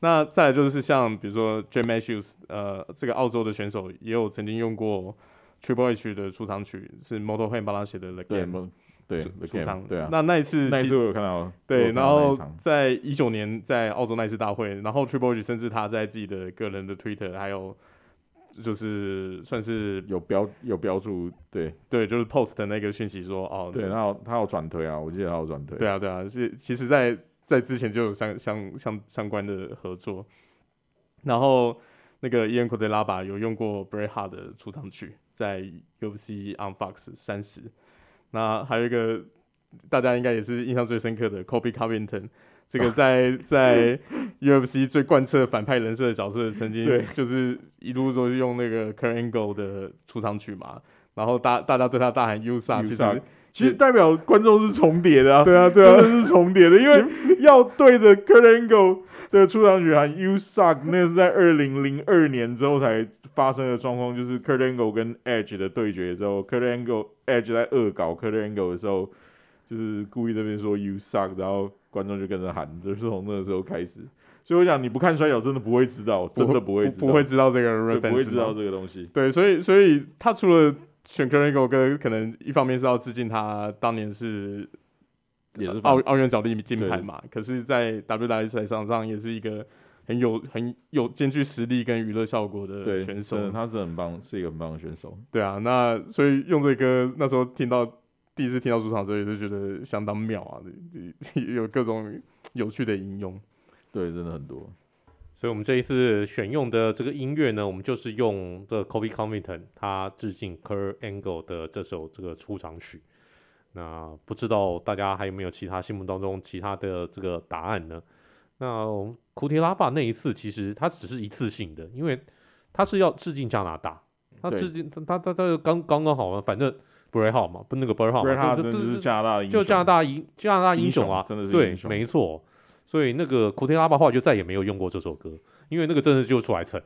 那再來就是像比如說 James Matthews 呃，這個澳洲的選手也有曾經用過 Triple H 的出場曲，是 Motorhead 幫他寫的《The Game》對，出，對出場 The Game, 對啊。那那一次，那一次我有看到。對，然後在一九年在澳洲那一次大會，然後 Triple H 甚至他在自己的個人的 Twitter 還有。就是算是有標有標註，對對，就是 post 的那個訊息說哦，對，然後他要轉推啊，我記得他要轉推。對啊，對啊，是其實在，在在之前就有相相相相關的合作，嗯、然後那個 Ion Cutelaba 有用過 Bret Hart 的出場曲，在 UFC on Fox 三十。那還有一個大家應該也是印象最深刻的，Colby Covington 這個在在 UFC 最貫徹反派人設的角色，曾經就是一路都是用那個 Kurt Angle 的出場曲嘛，然後大家大家對他大喊 “you suck”，其實 USuck, 其實代表觀眾是重疊的、啊，對啊，對啊，是重疊的， 因為要對着 Kurt Angle 的出場曲喊 “you suck”，那個是在二零零二年之後才發生的狀況，就是 Kurt Angle 跟 Edge 的對決之後，Kurt Angle Edge 在惡搞 Kurt Angle 的時候，就是故意這邊說 “you suck”，然後。觀眾就跟着喊，就是從那個時候開始。所以我想，你不看摔角，真的不會知道，真的不會不，不，不會知道這個，不會知道這個東西。對，所以所以他除了選、Kurt Angle、歌，那首歌可能一方面是要致敬他當年是也是奧奧運角力金牌嘛，可是在 W W E 賽場上也是一個很有很有兼具實力跟娛樂效果的選手。對，他是很棒，是一個很棒的選手。對啊，那所以用這個歌那時候聽到。第一次聽到出場，所以就覺得相當妙啊，有各種有趣的應用。對，真的很多。所以我們這一次選用的這個音樂呢，我們就是用的 Colby Covington 他致敬 Kurt Angle 的這首這個出場曲。那不知道大家還有沒有其他心目當中其他的這個答案呢？那庫提拉巴那一次其實它只是一次性的，因為它是要致敬加拿大，他致敬他他他剛剛剛好啊，反正。Brett Hart 嘛，不那個、Bird、Bret Hart，真的是加拿大英就加拿大英加拿大英雄啊，雄真的是英雄，對，沒錯。所以那個 Kurtis ABA 話就再也沒有用過這首歌，因為那個真是就出來蹭。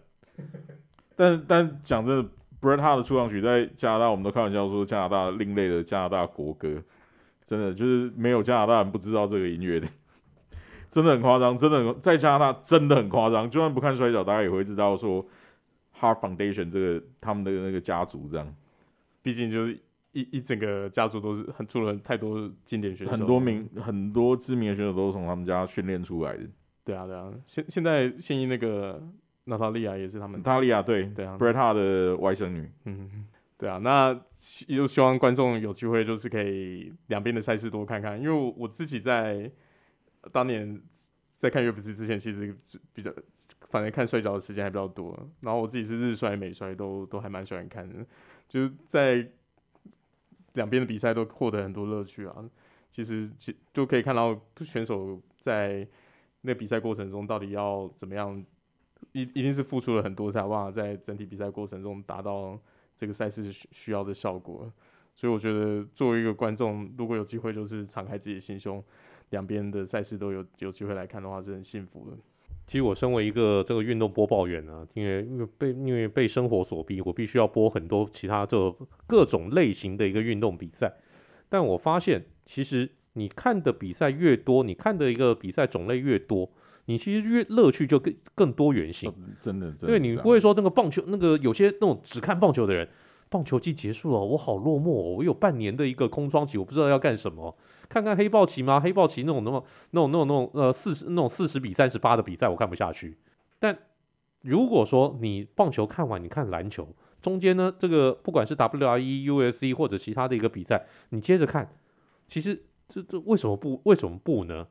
但但講真的，Brett Hart 的出場曲在加拿大，我們都開玩笑說加拿大另類的加拿大國歌，真的就是沒有加拿大人不知道這個音樂的，真的很誇張，真的在加拿大真的很誇張。就算不看摔角，大家也會知道說 Hart Foundation 這個他們的那個家族這樣，畢竟就是。一一整個家族都是很出了太多經典選手，很多名，很多知名的選手都是從他們家訓練出來的。對啊，對啊。現現在現役那個娜塔莉亞也是他們，娜塔莉亞對對啊，布雷塔的外甥女。嗯、啊，對啊。那也希望觀眾有機會就是可以兩邊的賽事多看看，因為我自己在當年在看 UFC 之前，其實比較反正看摔跤的時間還比較多。然後我自己是日摔美摔都都還蠻喜歡看的，就是在。兩邊的比賽都獲得很多樂趣啊！其實其，就可以看到選手在那個比賽過程中到底要怎麼樣，一一定是付出了很多才有辦法，在整體比賽過程中達到這個賽事需需要的效果。所以我覺得作為一個觀眾，如果有機會就是敞開自己的心胸，兩邊的賽事都有有機會來看的話，是很幸福的。其實我身為一個這個運動播報員呢、啊，因為，因為被因為被生活所逼，我必須要播很多其他這各種類型的一個運動比賽。但我發現，其實你看的比賽越多，你看的一個比賽種類越多，你其實越樂趣就更更多元性、哦。真的真的，因為你不會說那個棒球，那個有些那種只看棒球的人，棒球季結束了，我好落寞哦，我有半年的一個空窗期，我不知道要幹什麼。看看黑豹旗嗎？黑豹旗那種那麼那種那種那種呃四十那種四十、呃、比三十八的比賽，我看不下去。但如果說你棒球看完，你看籃球，中間呢，這個不管是 WWE、UFC 或者其他的一個比賽，你接着看，其實這這為什麼不為什麼不呢？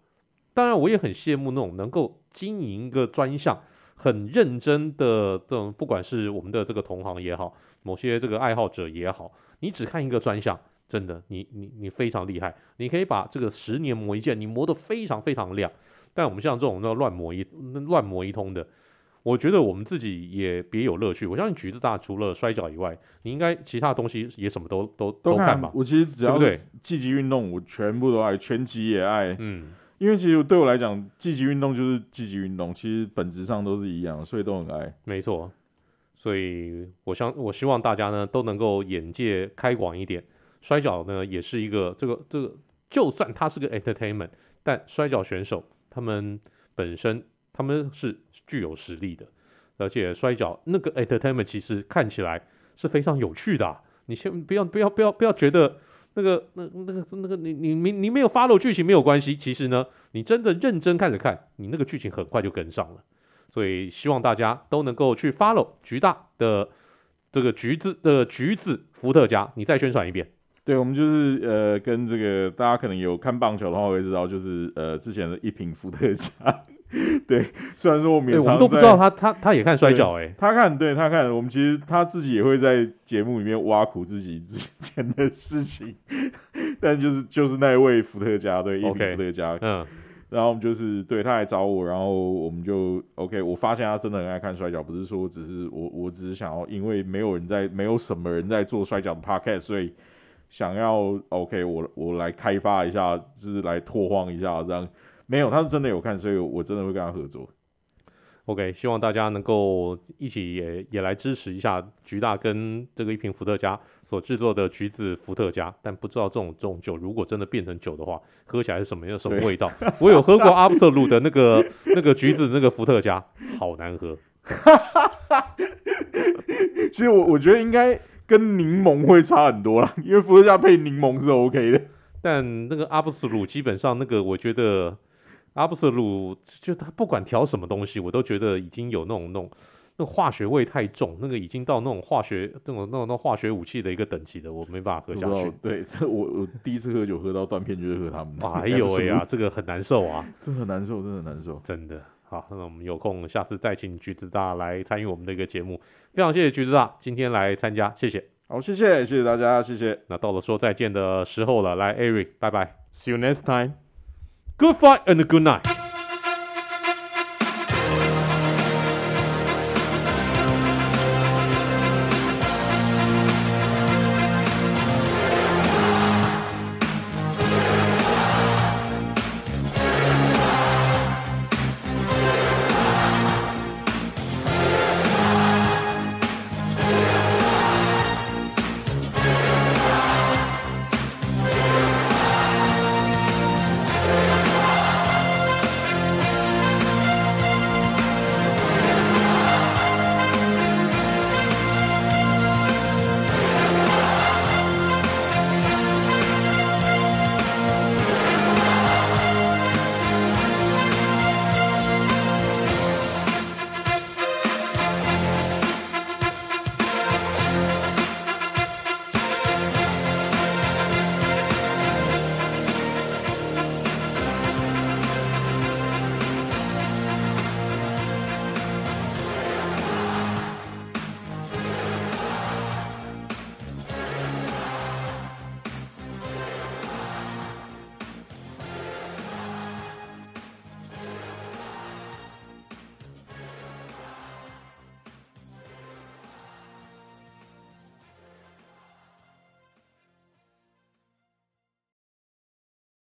當然，我也很羨慕那種能夠經營一個專項，很認真的這種，不管是我們的這個同行也好，某些這個愛好者也好，你只看一個專項。真的，你你你非常厲害，你可以把這個十年磨一劍，你磨得非常非常亮。但我們像這種都要亂磨一，亂磨一通的，我覺得我們自己也別有樂趣。我相信橘子大除了摔角以外，你應該其他的東西也什麼都都都看吧。我其實只要對積極運動，我全部都愛，拳擊也愛。嗯，因為其實對我來講，積極運動就是積極運動，其實本質上都是一樣，所以都很愛。沒錯，所以我相我希望大家呢都能夠眼界開廣一點。摔角呢也是一個這個這個，就算它是個 entertainment，但摔角選手他們本身他們是具有實力的，而且摔角那個 entertainment 其實看起來是非常有趣的啊。你先不要不要不要不要覺得那個那那個那個你你你你沒有 follow 劇情沒有關係，其實呢你真的認真看着看，你那個劇情很快就跟上了。所以希望大家都能夠去 follow 橘大的這個橘子的橘子伏特加，你再宣傳一遍。對，我們就是呃，跟這個大家可能有看棒球的話，會知道就是呃，之前的一瓶伏特加。對，雖然說我們也、欸，我們都不知道他他他也看摔角哎、欸，他看，對他看，我們其實他自己也會在節目裡面挖苦自己之前的事情。但就是就是那位伏特加，對，一瓶伏特加，okay, 嗯，然後我們就是對他來找我，然後我們就 OK，我發現他真的很愛看摔角，不是說只是我，我只是想要，因為沒有人在，沒有什麼人在做摔角的 Podcast，所以。想要 OK，我我來開發一下，就是來拓荒一下，這樣。沒有，他是真的有看，所以我真的會跟他合作。OK，希望大家能夠一起也也來支持一下橘大跟這個一瓶伏特加所制作的橘子伏特加。但不知道這種這種酒如果真的變成酒的話，喝起來是什麼樣什麼味道？我有喝過阿布特魯的那個 那個橘子那個伏特加，好難喝。哈哈哈，其實我我覺得應該。跟檸檬會差很多啦，因為伏特加配檸檬是 OK 的，但那個阿布斯魯基本上那個，我覺得阿布斯魯就他不管調什麼東西，我都覺得已經有那種那種、那個、那化學味太重，那個已經到那種化學這種那種那種化學武器的一個等級的，我沒辦法喝下去。對，這我我第一次喝酒喝到斷片就是喝他們。啊、 哎呦哎呀，這個很難受啊，這 很難受，真的很難受，真的。好，那我們有空下次再請橘子大來參與我們的一個節目，非常謝謝橘子大今天來參加，謝謝，好，謝謝，謝謝大家，謝謝，那到了說再見的時候了，來，Ari，拜拜，See you next time. Good fight and good night。